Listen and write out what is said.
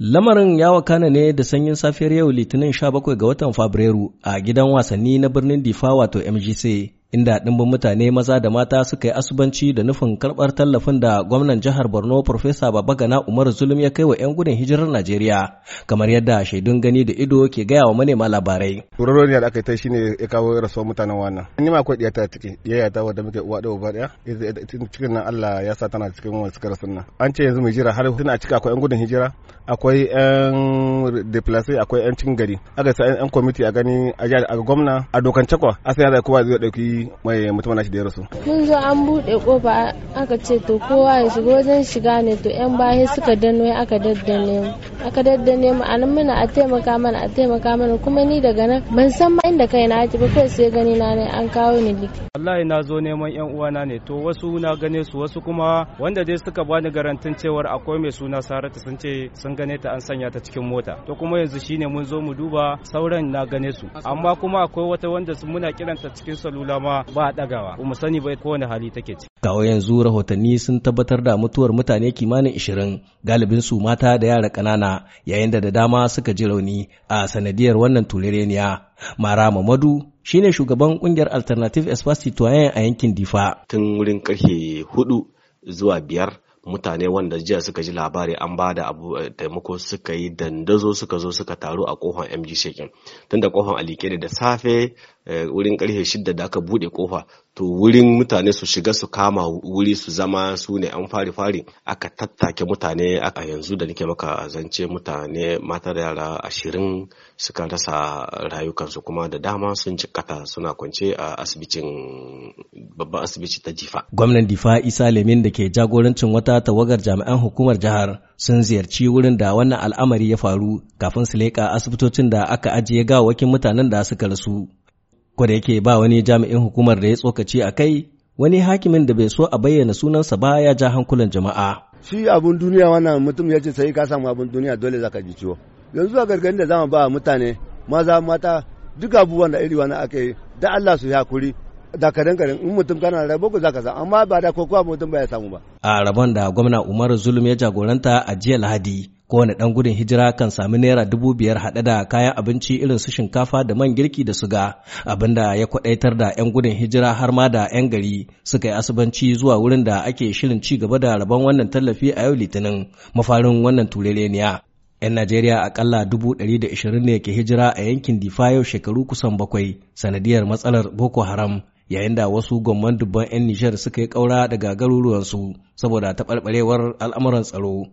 Lamarin ya wakana ne da sanyin safiyar yau Litinin 17 ga watan Fabrairu a gidan wasanni na birnin Difa wato MGC inda ɗimbin mutane maza da mata suka yi asubanci da nufin karɓar tallafin da gwamnan jihar Borno Profesa Babagana Umar Zulum ya kai wa 'yan gudun hijirar Najeriya kamar yadda shaidun gani da ido ke gaya wa manema labarai. Turoro da aka yi ta shi ne ya kawo rasuwar mutanen wannan. Ni ma akwai ɗiyata ciki, yi ta wadda muke uwa ɗaya uba ɗaya, cikin nan Allah ya sa tana cikin wani suka rasu nan. An ce yanzu mai jira har tun a cika akwai 'yan gudun hijira akwai 'yan deplace akwai 'yan cikin gari aka sa 'yan kwamiti a gani a jihar a gwamna a dokance kwa a sai da kowa zai dauki mai mutum na shi da ya mun zo an buɗe kofa aka ce to kowa ya shiga wajen shiga ne to 'yan bayan suka danno aka daddane aka daddane mu anan muna a taimaka mana a taimaka mana kuma ni daga nan ban san ma inda kai na aji ba kai sai gani na ne an kawo ni liki wallahi na zo neman yan uwana ne to wasu na gane su wasu kuma wanda dai suka bani garantin cewar akwai mai suna Saratu sun ce sun gane ta an sanya ta cikin mota to kuma yanzu shine mun zo mu duba sauran na gane su amma kuma akwai wata wanda muna kiranta cikin salula ma ba dagawa mu sani bai kowane hali take ci kawo yanzu rahotanni sun tabbatar da mutuwar mutane kimanin 20 galibin su mata da yara kanana Kaduna yayin da da dama suka ji rauni a sanadiyar wannan tulereniya. mara mamadu shine shugaban kungiyar alternative espace citoyen a yankin difa tun wurin karfe hudu zuwa biyar mutane wanda jiya suka ji labari an ba da abu eh, taimako suka yi dandazo suka zo suka taru a kofar mg shekin tun da kofar alike da safe eh, wurin karfe shidda da aka bude kofa to wurin mutane su shiga su kama wuri su zama su ne an fari fari aka tattake mutane a yanzu da nake maka zance mutane mata da yara ashirin suka rasa rayukansu kuma da dama sun cikata suna kwance a asibitin babban asibiti ta jifa gwamnan difa isa lemin da ke jagorancin wata tawagar jami'an hukumar jihar sun ziyarci wurin da wannan al'amari ya faru kafin su leƙa asibitocin da aka ajiye gawakin mutanen da suka rasu da yake ba wani jami'in hukumar da ya tsokaci a kai, wani hakimin da bai so a bayyana sunansa ba ya ja hankulan jama'a. Shi abun duniya wannan mutum ya ce sai ka samu abun duniya dole zaka ji ciwo. Yanzu a gargadi da zama ba mutane maza mata duk abubuwan da iri wani aka yi da Allah su hakuri da kadan kadan in mutum kana rabo ko zaka samu amma ba da kokowa mutum ba ya samu ba. A rabon da gwamna Umar Zulum ya jagoranta a jiya Lahadi. kowane ɗan gudun hijira kan sami naira dubu biyar haɗe da kayan abinci irin su shinkafa da man girki da suga abin da ya kwaɗaitar da 'yan gudun hijira har ma da 'yan gari suka yi asubanci zuwa wurin da ake shirin ci gaba da rabon wannan tallafi a yau litinin mafarin wannan turereniya 'yan Najeriya akalla ishirin ne ke hijira a yankin Difa yau shekaru kusan bakwai sanadiyar matsalar Boko Haram yayin da wasu gomman dubban 'yan Nijar suka yi ƙaura daga garuruwansu saboda taɓarɓarewar al'amuran tsaro.